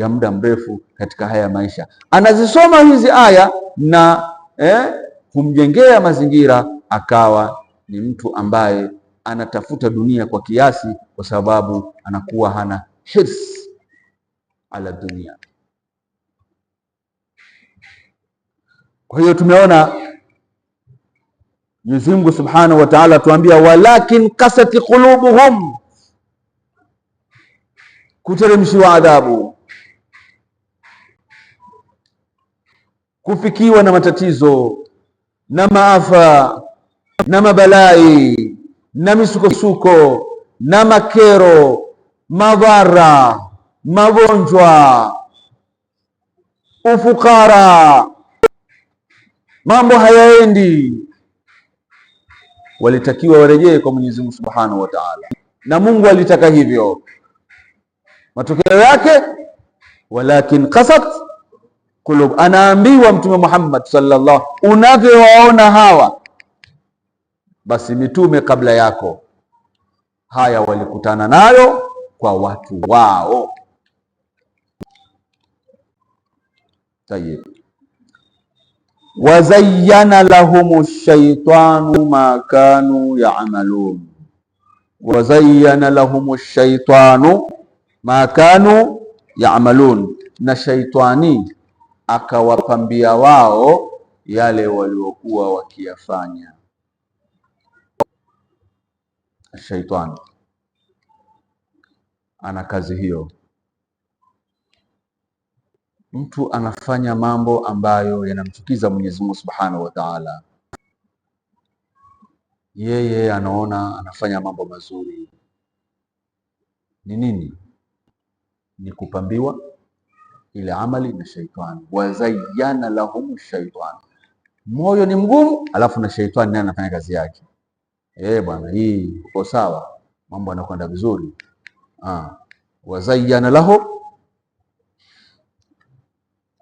ya muda mrefu katika haya maisha. Anazisoma hizi aya na eh, mazingira akawa ni mtu ambaye anatafuta dunia kwa kiasi, kwa sababu anakuwa hana hirs ala dunia. Kwa hiyo tumeona Mwenyezi Mungu Subhanahu wa Ta'ala tuambia, walakin kasati qulubuhum, kuteremshiwa adhabu kufikiwa na matatizo na maafa na mabalai na misukosuko na makero, madhara, magonjwa, ufukara, mambo hayaendi, walitakiwa warejee kwa Mwenyezi Mungu Subhanahu wa Ta'ala, na Mungu alitaka hivyo. Matokeo yake walakin qasat kulub, anaambiwa Mtume Muhammad sallallahu, unavyowaona hawa basi mitume kabla yako haya walikutana nayo kwa watu wao. Tayeb, wazayyana lahumu shaitanu ma kanu ya'malun, wazayyana lahumu shaitanu ma kanu ya'malun, na shaitani akawapambia wao yale waliokuwa wakiyafanya. Shaitani ana kazi hiyo. Mtu anafanya mambo ambayo yanamchukiza Mwenyezi Mungu Subhanahu wa Ta'ala. Yeye anaona anafanya mambo mazuri. Ni nini? Ni kupambiwa ile amali na shaitani, wazayana lahum shaitani. Moyo ni mgumu, alafu na shaitani naye anafanya kazi yake. Eh bwana, hii uko sawa, mambo yanakwenda vizuri. Ah, wazayyana lahum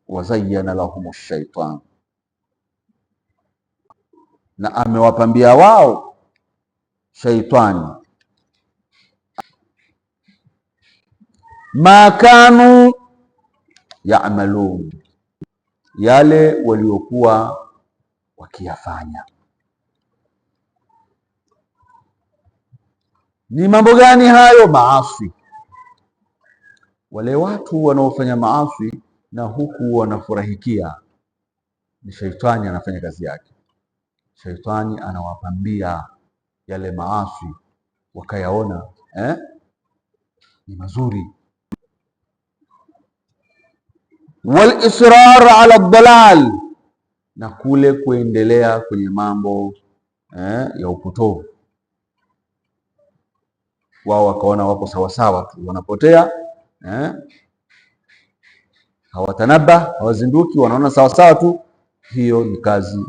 wazayyana lahum shaitani, na amewapambia wao shaitani makanu yamalun yale waliokuwa wakiyafanya. Ni mambo gani hayo? Maasi, wale watu wanaofanya maasi na huku wanafurahikia, ni shaitani anafanya kazi yake. shaitani anawapambia yale maasi wakayaona, eh, ni mazuri wal israr ala dalal, na kule kuendelea kwenye mambo eh, ya upotovu. Wao wakaona wako sawasawa tu, wanapotea eh, hawatanaba, hawazinduki, wanaona sawasawa tu. Hiyo ni kazi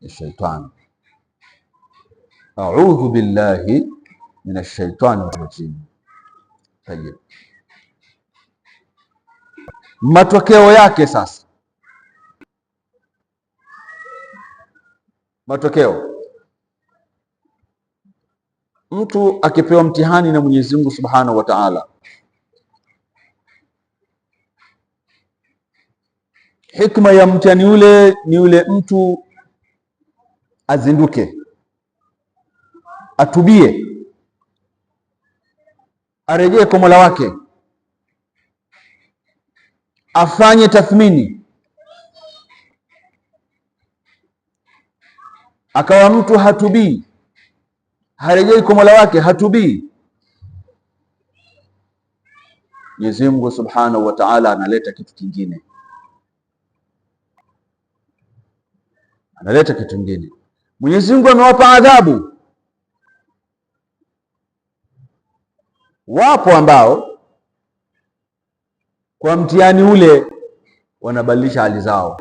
ya shaitani. Audhu billahi minash shaitani rajim. Tayeb. Matokeo yake sasa, matokeo mtu akipewa mtihani na Mwenyezi Mungu Subhanahu wa Ta'ala, hikma ya mtihani ule ni ule mtu azinduke, atubie, arejee kwa Mola wake afanye tathmini, akawa mtu hatubii, harejei kwa Mola wake, hatubii, Mwenyezi Mungu Subhanahu wa Ta'ala analeta kitu kingine, analeta kitu kingine. Mwenyezi Mungu amewapa adhabu, wapo ambao kwa mtihani ule wanabadilisha hali zao.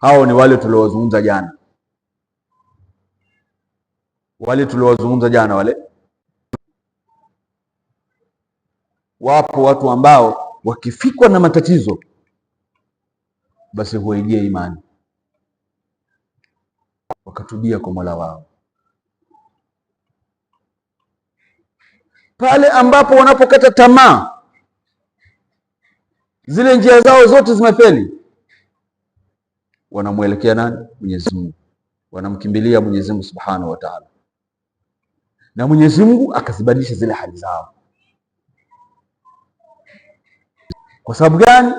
Hao ni wale tuliowazungumza jana, wale tuliowazungumza jana, wale wapo watu ambao wakifikwa na matatizo basi huwaijia imani wakatubia kwa Mola wao, pale ambapo wanapokata tamaa zile njia zao zote zimefeli. Wanamwelekea nani? Mwenyezi Mungu, wanamkimbilia Mwenyezi Mungu Subhanahu wa Ta'ala, na Mwenyezi Mungu akazibadilisha zile hali zao. Kwa sababu gani?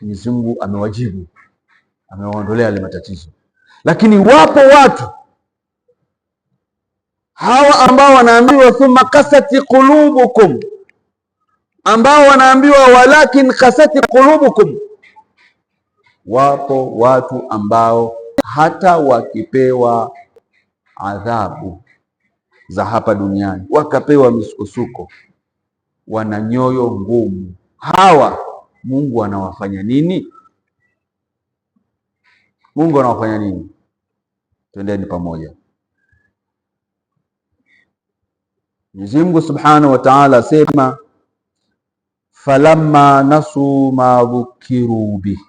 Mwenyezi Mungu amewajibu, amewaondolea yale matatizo. Lakini wapo watu hawa ambao wanaambiwa, thumma kasati qulubukum ambao wanaambiwa walakin khasati qulubukum. Wapo watu ambao hata wakipewa adhabu za hapa duniani wakapewa misukosuko, wana nyoyo ngumu. Hawa Mungu anawafanya nini? Mungu anawafanya nini? Twendeni pamoja. Mwenyezi Mungu Subhanahu wa Ta'ala asema falamma nasu ma dhukiru bih,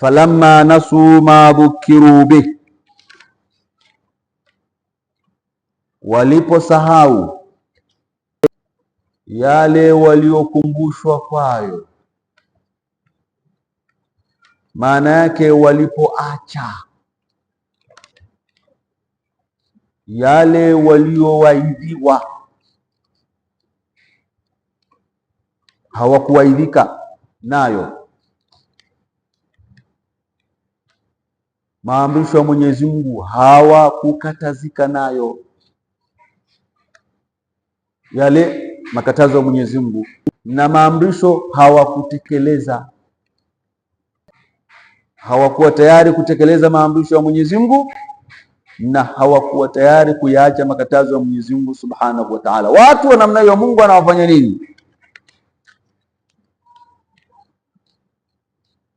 falamma nasu ma dhukiru bih, waliposahau yale waliokumbushwa kwayo. Maana yake walipoacha yale waliowaidhiwa hawakuaidhika nayo. Maamrisho ya Mwenyezi Mungu hawakukatazika nayo, yale makatazo ya Mwenyezi Mungu na maamrisho hawakutekeleza, hawakuwa tayari kutekeleza maamrisho ya Mwenyezi Mungu na hawakuwa tayari kuyaacha makatazo ya Mwenyezi Mungu Subhanahu wa Ta'ala. Watu wa namna hiyo Mungu anawafanya nini?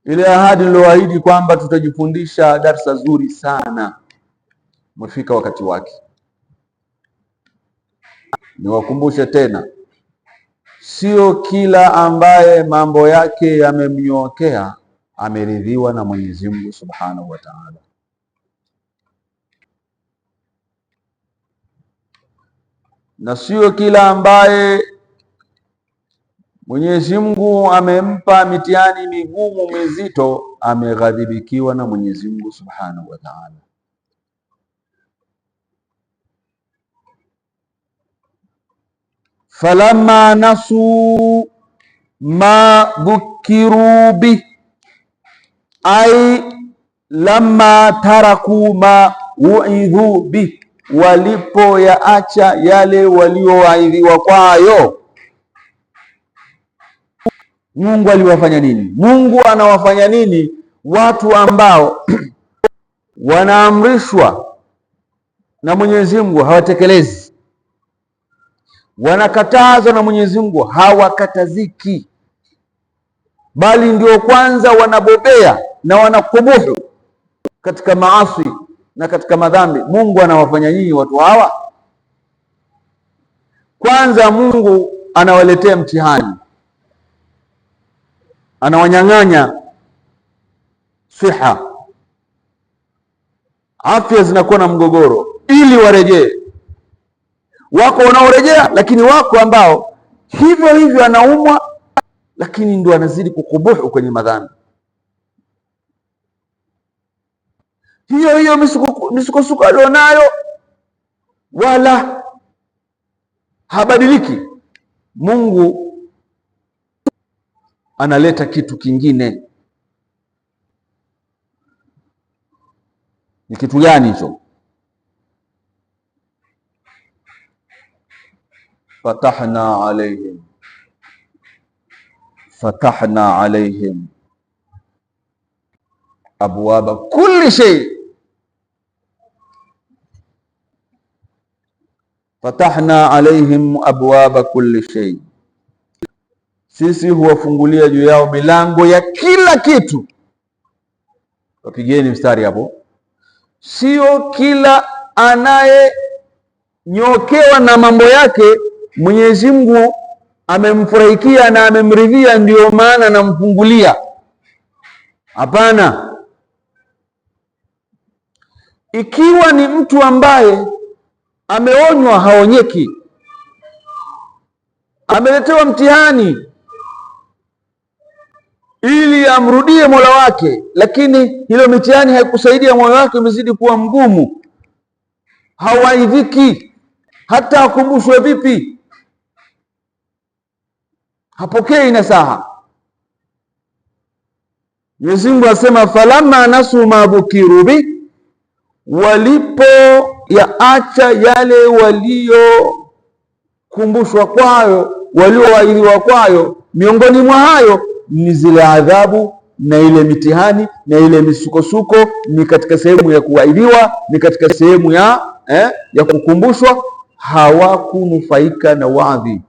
ile ahadi niliyoahidi kwamba tutajifundisha darsa zuri sana, umefika wakati wake. Niwakumbushe tena, sio kila ambaye mambo yake yamemnyookea ameridhiwa na Mwenyezi Mungu Subhanahu wa Ta'ala. Na sio kila ambaye Mwenyezi Mungu amempa mitihani migumu mizito, ameghadhibikiwa na Mwenyezi Mungu Subhanahu wa Ta'ala. Falamma nasu ma dhukiru bi ai lamma taraku ma uidhu bi, walipo yaacha yale waliowaidhiwa kwayo Mungu aliwafanya nini? Mungu anawafanya nini watu ambao wanaamrishwa na Mwenyezi Mungu hawatekelezi, wanakatazwa na Mwenyezi Mungu hawakataziki, bali ndio kwanza wanabobea na wanakubudu katika maasi na katika madhambi. Mungu anawafanya nini watu hawa, kwanza Mungu anawaletea mtihani anawanyang'anya siha, afya zinakuwa na mgogoro, ili warejee. Wako wanaorejea, lakini wako ambao hivyo hivyo anaumwa, lakini ndo anazidi kukubuhu kwenye madhambi. Hiyo hiyo misukosuko alionayo, wala habadiliki Mungu analeta kitu kingine. Ni kitu gani hicho? Fatahna alaihim fatahna alaihim abwaba kulli shay, fatahna alaihim abwaba kulli shay sisi huwafungulia juu yao milango ya kila kitu. Wapigeni mstari hapo. Sio kila anayenyokewa na mambo yake Mwenyezi Mungu amemfurahikia na amemridhia, ndiyo maana anamfungulia. Hapana, ikiwa ni mtu ambaye ameonywa haonyeki, ameletewa mtihani ili amrudie Mola wake, lakini hilo mitihani haikusaidia, moyo wake umezidi kuwa mgumu, hawaidhiki hata akumbushwe vipi, hapokei nasaha. Mwenyezi Mungu asema, falamma nasu ma walipo bi, walipoyaacha yale waliokumbushwa kwayo, waliowaidhiwa kwayo, miongoni mwa hayo ni zile adhabu na ile mitihani na ile misukosuko ni katika sehemu ya kuahidiwa, ni katika sehemu ya eh, ya kukumbushwa. Hawakunufaika na wadhi.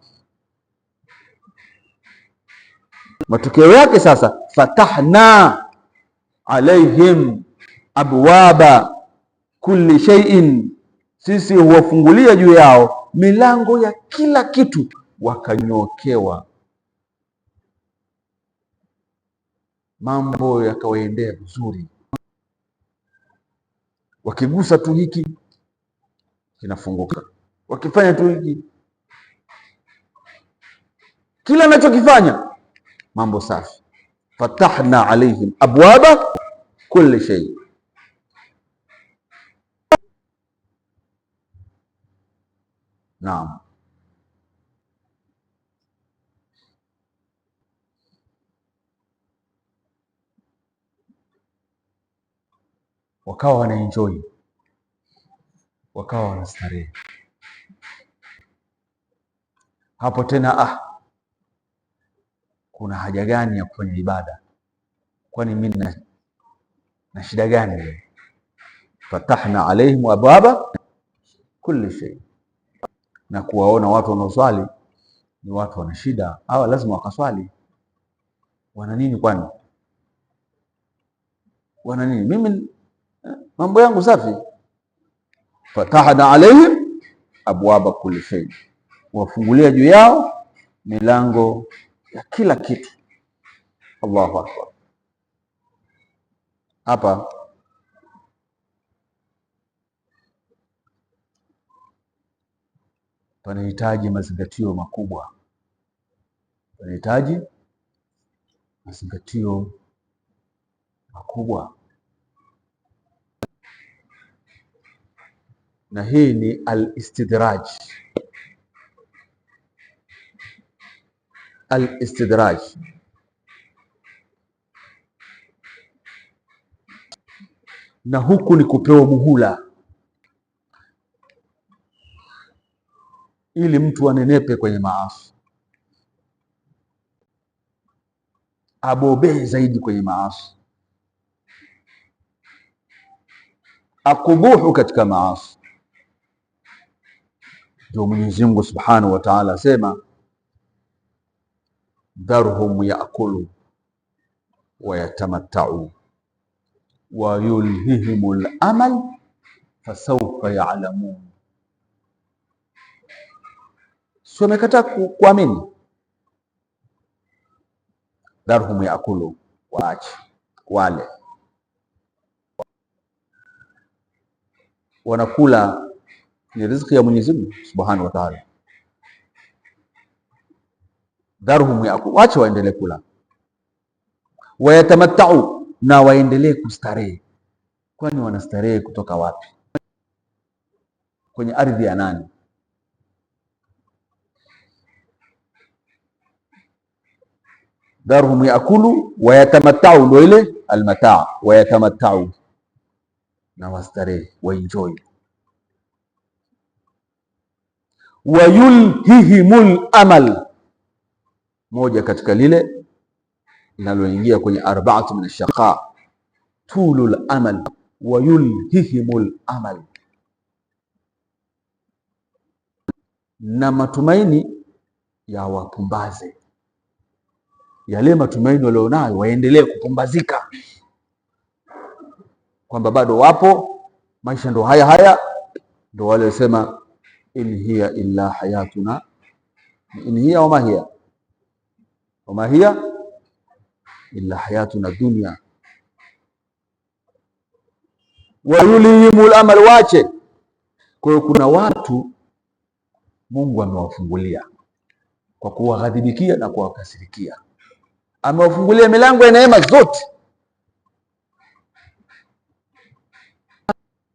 Matokeo yake sasa, fatahna alaihim abwaba kulli shay'in, sisi huwafungulia juu yao milango ya kila kitu, wakanyokewa mambo yakawaendea vizuri. Wakigusa tu hiki kinafunguka, wakifanya tu hiki, kila anachokifanya mambo safi. Fatahna alaihim abwaba kulli shay. Naam. wakawa wanaenjoy, wakawa wanastarehe hapo tena. Ah, kuna haja gani ya kufanya ibada? Kwani mimi na, na shida gani? Fatahna alaihim abwaba kulli shay, na kuwaona watu wanaoswali ni watu wana shida, hawa ah, lazima wakaswali. Wana nini? Kwani wana nini? mimi mambo yangu safi. Fatahna alaihim abwaba kulli shay, wafungulia juu yao milango ya kila kitu. Allahu akbar. Hapa panahitaji mazingatio makubwa, panahitaji mazingatio makubwa. na hii ni Al-istidraj. na huku ni kupewa muhula ili mtu anenepe kwenye maasi, abobee zaidi kwenye maasi, akubuhu katika maasi. Ndio Mwenyezi Mungu Subhanahu wa Ta'ala asema dharhum yaakulu wayatamattau wayulhihim lamal fasaufa yalamun. Si wamekataa kuamini? Dharhum yaakulu, waache wale, wanakula ni riziki ya Mwenyezi Mungu Subhanahu wa Ta'ala. Dharhum yaku, wacha waendelee kula, wayatamattau, na waendelee kustarehe. Kwani wanastarehe kutoka wapi? Kwenye ardhi ya nani? Dharhum yakulu wayatamattau, ndio ile almataa, wayatamattau, na wastarehe waenjoy wayulhihimul amal, moja katika lile linaloingia kwenye arbaatu min ashaqa, tulul amal, wayulhihimul amal. Na matumaini ya wapumbaze, yale matumaini walionayo waendelee kupumbazika, kwamba bado wapo maisha, ndo haya haya, ndo wale wasema in hiya illa hayatuna in hiya wama hiya wama hiya illa hayatuna dunya wayulimul amal wache. Kwa hiyo kuna watu Mungu amewafungulia kwa kuwaghadhibikia na kuwakasirikia, amewafungulia milango ya neema zote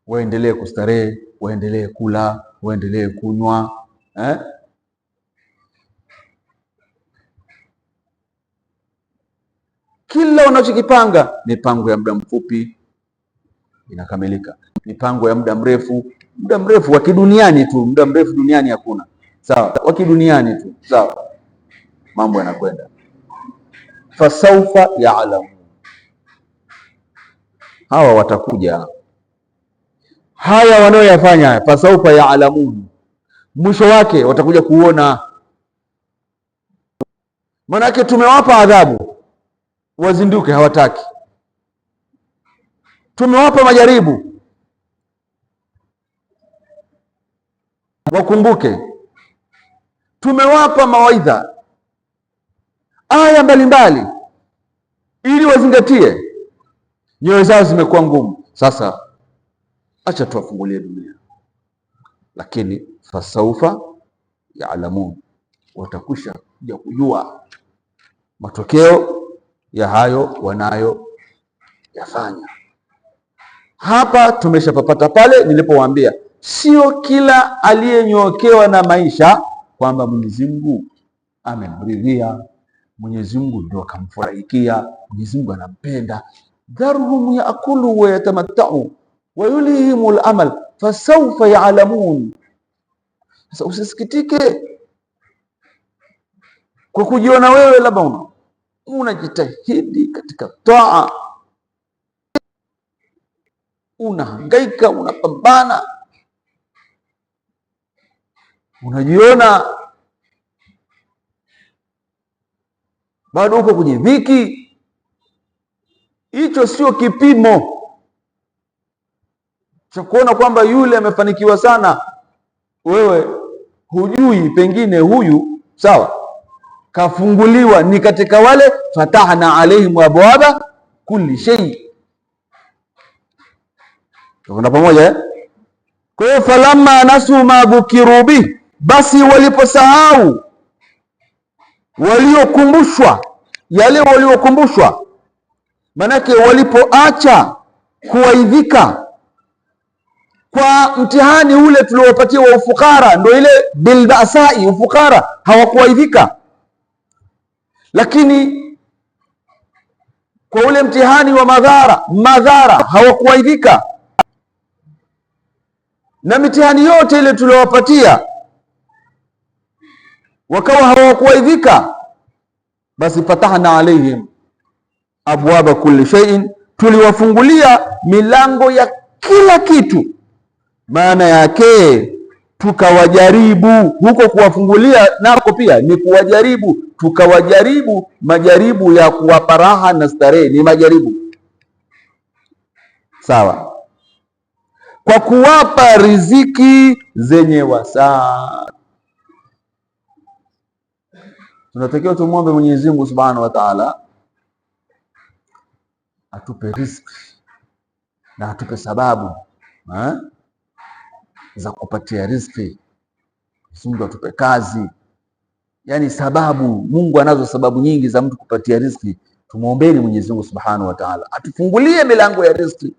waendelee kustarehe, waendelee kula, waendelee kunywa eh? Kila unachokipanga mipango ya muda mfupi inakamilika, mipango ya muda mrefu, muda mrefu wa kiduniani tu, muda mrefu duniani hakuna, sawa, wa kiduniani tu, sawa, mambo yanakwenda fasaufa yaalamu, hawa watakuja haya wanayoyafanya fasaufa yaalamun, mwisho wake watakuja kuona. Maanake tumewapa adhabu wazinduke, hawataki. Tumewapa majaribu wakumbuke. Tumewapa mawaidha, aya mbalimbali, ili wazingatie. Nyoyo zao zimekuwa ngumu sasa acha tuwafungulie dunia, lakini fasaufa yaalamun, watakwisha kuja kujua matokeo ya hayo wanayoyafanya. Hapa tumeshapapata pale nilipowaambia, sio kila aliyenyookewa na maisha kwamba Mwenyezi Mungu amemridhia, Mwenyezi Mungu ndio akamfurahikia, Mwenyezi Mungu anampenda. ya akulu wa yatamattau wa yulhihimu lamal fasaufa yalamun Sasa usisikitike kwa kujiona wewe labda una unajitahidi katika taa unahangaika, unapambana, unajiona bado uko kwenye dhiki. Hicho sio kipimo cha kuona kwamba yule amefanikiwa sana. Wewe hujui, pengine huyu sawa, kafunguliwa ni katika wale fatahna alaihim abwaba kulli shay, tunakwenda pamoja eh? Kwa hiyo falamma nasu ma dhukiru bi, basi waliposahau waliokumbushwa yale waliokumbushwa, manake walipoacha kuwaidhika kwa mtihani ule tuliowapatia wa ufukara, ndio ile bilbasai, ufukara, hawakuaidhika. Lakini kwa ule mtihani wa madhara, madhara, hawakuaidhika. Na mitihani yote ile tuliowapatia wakawa hawakuaidhika, basi fatahna alaihim abwaba kulli shay'in, tuliwafungulia milango ya kila kitu maana yake tukawajaribu huko, kuwafungulia nako pia ni kuwajaribu. Tukawajaribu majaribu ya kuwapa raha na starehe, ni majaribu sawa, kwa kuwapa riziki zenye wasaa. Tunatakiwa tumwombe Mwenyezi Mungu Subhanahu wa Ta'ala atupe riziki na atupe sababu ha? Eh? za kupatia riziki, mtu atupe kazi. Yani sababu, Mungu anazo sababu nyingi za mtu kupatia riziki. Tumwombeni Mwenyezi Mungu Subhanahu wa Ta'ala atufungulie milango ya riziki,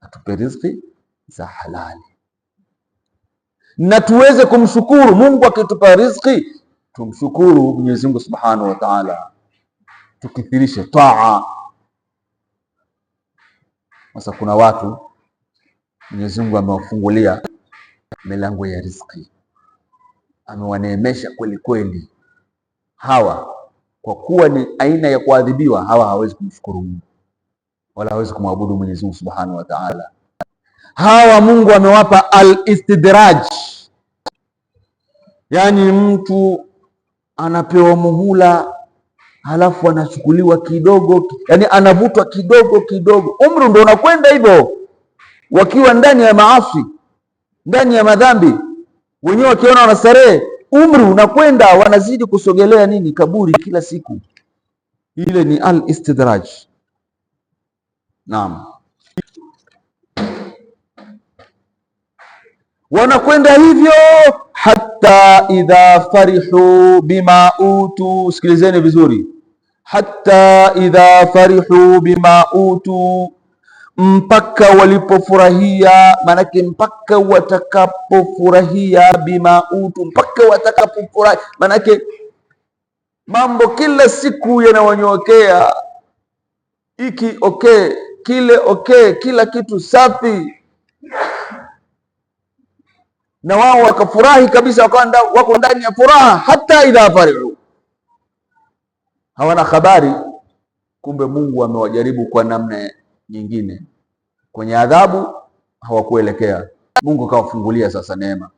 atupe riziki za halali na tuweze kumshukuru Mungu. Akitupa riziki, tumshukuru Mwenyezi Mungu Subhanahu wa Ta'ala, tukithirishe taa. Sasa kuna watu Mwenyezi Mungu amewafungulia milango ya riziki, amewaneemesha kweli kweli. Hawa kwa kuwa ni aina ya kuadhibiwa, hawa hawezi kumshukuru Mungu wala hawezi kumwabudu Mwenyezi Mungu Subhanahu wa Ta'ala. Hawa Mungu amewapa al-istidraj, yaani mtu anapewa muhula halafu anachukuliwa kidogo, yani anavutwa kidogo kidogo, umri ndio unakwenda hivyo wakiwa ndani ya maasi, ndani ya madhambi, wenyewe wakiona wanastarehe, umri unakwenda, wanazidi kusogelea nini? Kaburi kila siku. Ile ni al istidraj. Naam, wanakwenda hivyo hatta idha farihu bima utu. Sikilizeni vizuri, hatta idha farihu bima utu mpaka walipofurahia, maanake mpaka watakapofurahia bima utu, mpaka watakapofurahi, maanake mambo kila siku yanawanyokea, iki okay, kile okay, kila kitu safi, na wao wakafurahi kabisa, wako ndani ya furaha. Hata idha farihu, hawana habari, kumbe Mungu amewajaribu kwa namna nyingine kwenye adhabu hawakuelekea. Mungu akawafungulia sasa neema,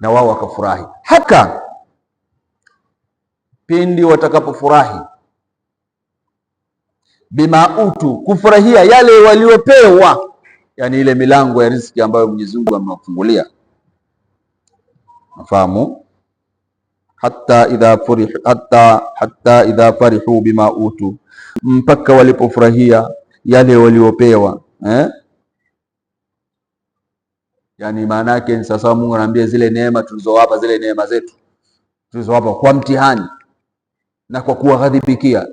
na wao wakafurahi. Hata pindi watakapofurahi bima utu, kufurahia yale waliopewa, yani ile milango ya riziki ambayo Mwenyezi Mungu amewafungulia, nafahamu hata idha farihu, hata, hata idha farihu bima utu, mpaka walipofurahia yale waliopewa eh? Yani maana yake ni sasa, Mungu anaambia zile neema tulizowapa, zile neema zetu tulizowapa kwa mtihani na kwa kuwaghadhibikia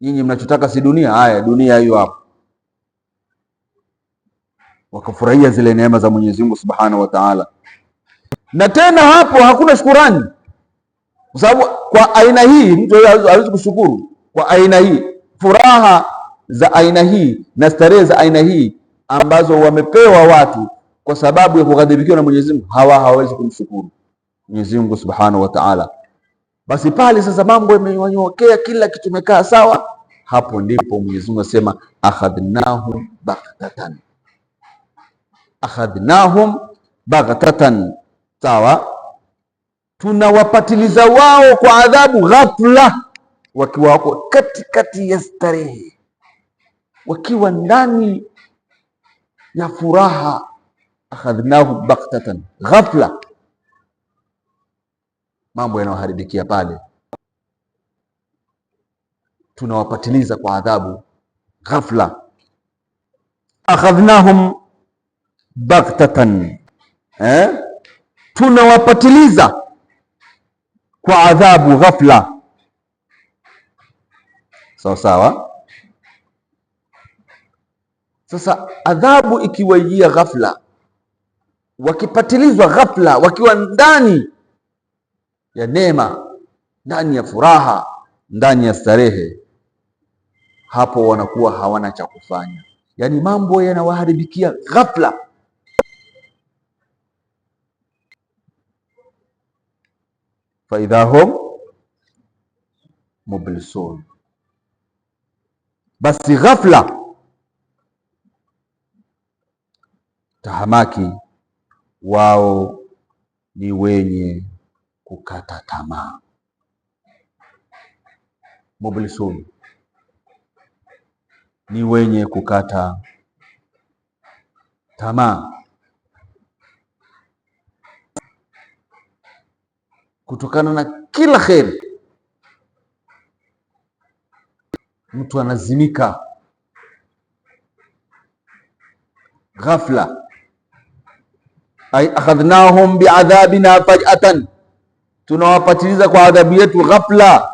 nyinyi. Mnachotaka si dunia? Haya, dunia hiyo hapo. Wakafurahia zile neema za Mwenyezi Mungu Subhanahu wa Ta'ala, na tena hapo hakuna shukurani, kwa sababu kwa aina hii mtu hawezi kushukuru kwa aina hii furaha za aina hii na starehe za aina hii ambazo wamepewa watu kwa sababu ya kughadhibikiwa na Mwenyezi Mungu, hawa hawawezi kumshukuru Mwenyezi Mungu Subhanahu wa Ta'ala. Basi pale sasa mambo yamenyokea, kila kitu kimekaa sawa, hapo ndipo Mwenyezi Mungu asema akhadhnahum baghtatan, akhadhnahum baghtatan, sawa tunawapatiliza wao kwa adhabu ghafla, wakiwa wako katikati ya starehe wakiwa ndani ya furaha, akhadhnahum baktatan ghafla, mambo yanayoharibikia pale, tunawapatiliza kwa adhabu ghafla. Akhadhnahum baktatan eh, tunawapatiliza kwa adhabu ghafla, sawa sawa sasa adhabu ikiwaijia ghafla, wakipatilizwa ghafla, wakiwa ndani ya neema, ndani ya furaha, ndani ya starehe, hapo wanakuwa hawana cha kufanya, yaani mambo yanawaharibikia ghafla. Faidha hum mublisun, basi ghafla tahamaki, wao ni wenye kukata tamaa, mublisun, ni wenye kukata tamaa. Kutokana na kila kheri, mtu anazimika ghafla ay akhadhnahum biadhabina faj'atan, tunawapatiliza kwa adhabu yetu ghafla.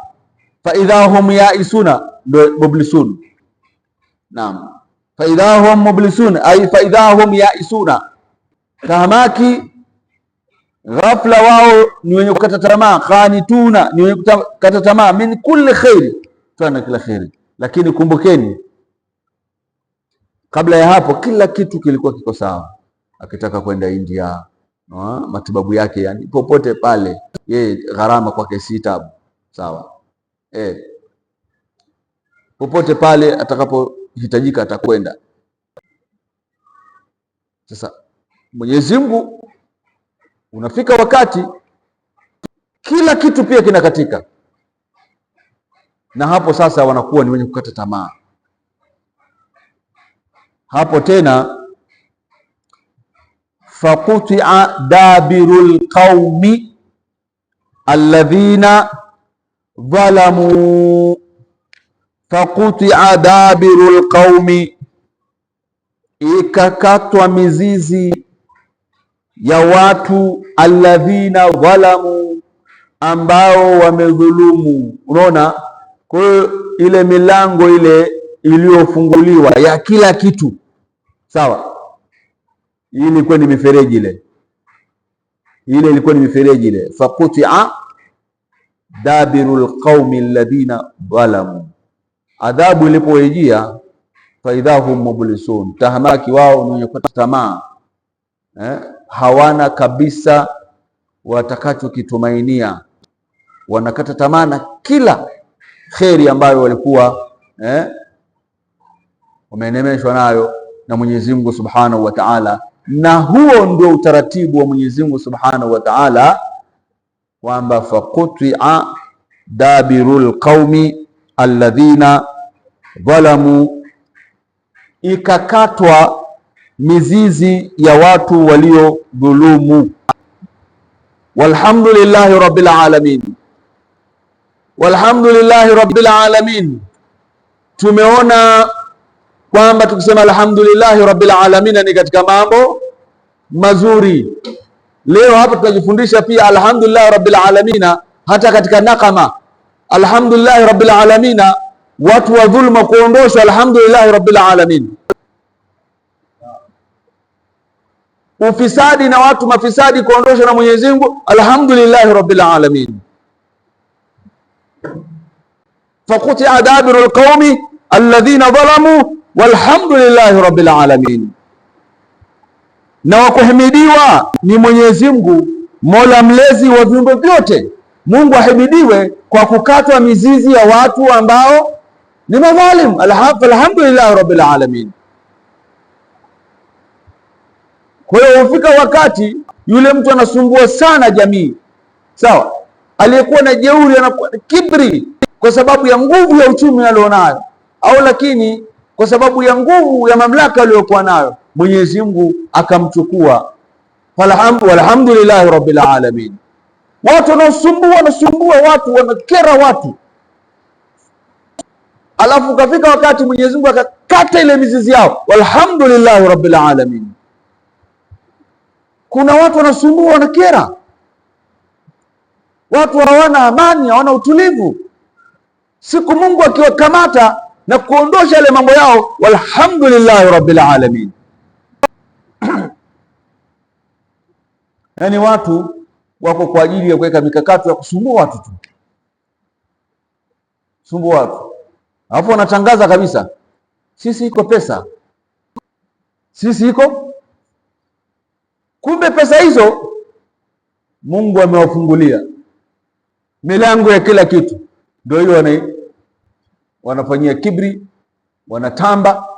Fa idha hum yaisuna, ndo mublisun. Naam, fa idha hum mublisun, ay fa idha hum yaisuna, tahamaki ghafla, wao ni wenye kukata tamaa. Qanituna, ni wenye kukata tamaa. Min kulli khairi, tuna kila khairi. Lakini kumbukeni, kabla ya hapo kila kitu kilikuwa kiko sawa akitaka kwenda India no, matibabu yake yani popote pale, ye gharama kwake si tabu, sawa eh, popote pale atakapohitajika atakwenda. Sasa Mwenyezi Mungu, unafika wakati kila kitu pia kinakatika, na hapo sasa wanakuwa ni wenye kukata tamaa hapo tena faqutia dabirul qaumi alladhina dhalamu, faqutia dabirul qaumi, ikakatwa mizizi ya watu alladhina dhalamu, ambao wamedhulumu. Unaona, kwa hiyo ile milango ile iliyofunguliwa ya kila kitu sawa hii ilikuwa ni mifereji ile, ile ilikuwa ni mifereji ile. Faqutia dabirul qaumi alladhina dhalamu, adhabu ilipoijia, faidha hum mublisun, tahamaki wao ni wenye kukata tamaa eh, hawana kabisa watakachokitumainia, wanakata tamaa na kila kheri ambayo walikuwa eh, wamenemeshwa nayo na Mwenyezi Mungu Subhanahu wa Ta'ala na huo ndio utaratibu wa Mwenyezi Mungu Subhanahu wa Ta'ala, kwamba faqutia dabirul qaumi alladhina dhalamu, ikakatwa mizizi ya watu walio dhulumu. Walhamdulillahi rabbil alamin, walhamdulillahi rabbil alamin. Tumeona kwamba tukisema alhamdulillah rabbil alamin ni katika mambo mazuri. Leo hapa tunajifundisha pia alhamdulillah rabbil alamin hata katika nakama. alhamdulillah rabbil alamin, watu wa dhulma kuondoshwa, alhamdulillah rabbil alamin. Ufisadi na watu mafisadi kuondoshwa na Mwenyezi Mungu, alhamdulillah rabbil alamin. Faqutia dabiru alqaumi alladhina dhalamu walhamdulillahi rabbil alamin, na wakuhimidiwa ni Mwenyezi Mungu mola mlezi wa viumbe vyote. Mungu ahimidiwe kwa kukatwa mizizi ya watu ambao ni madhalimu. Alhamdulillahi rabbil alamin. Kwa hiyo hufika wakati yule mtu anasumbua sana jamii, sawa, aliyekuwa na jeuri anakuwa kibri kwa sababu ya nguvu ya uchumi alionayo, au lakini kwa sababu ya nguvu ya mamlaka aliyokuwa nayo Mwenyezi Mungu akamchukua. Falhamdu walhamdulillahi rabbil alamin. Watu wanaosumbua wanasumbua watu, wanakera watu, alafu kafika wakati Mwenyezi Mungu akakata ile mizizi yao. Walhamdulillahi rabbil alamin. Kuna watu wanasumbua, wanakera, watu hawana amani, hawana utulivu. Siku Mungu akiwakamata na kuondosha yale mambo yao, walhamdulillahi rabbil alamin. Yaani watu wako kwa ajili ya kuweka mikakati ya kusumbua watu tu, sumbua watu, alafu wanatangaza kabisa, sisi iko pesa, sisi iko kumbe. Pesa hizo Mungu amewafungulia milango ya kila kitu, ndio hiyo wanafanyia kibri, wanatamba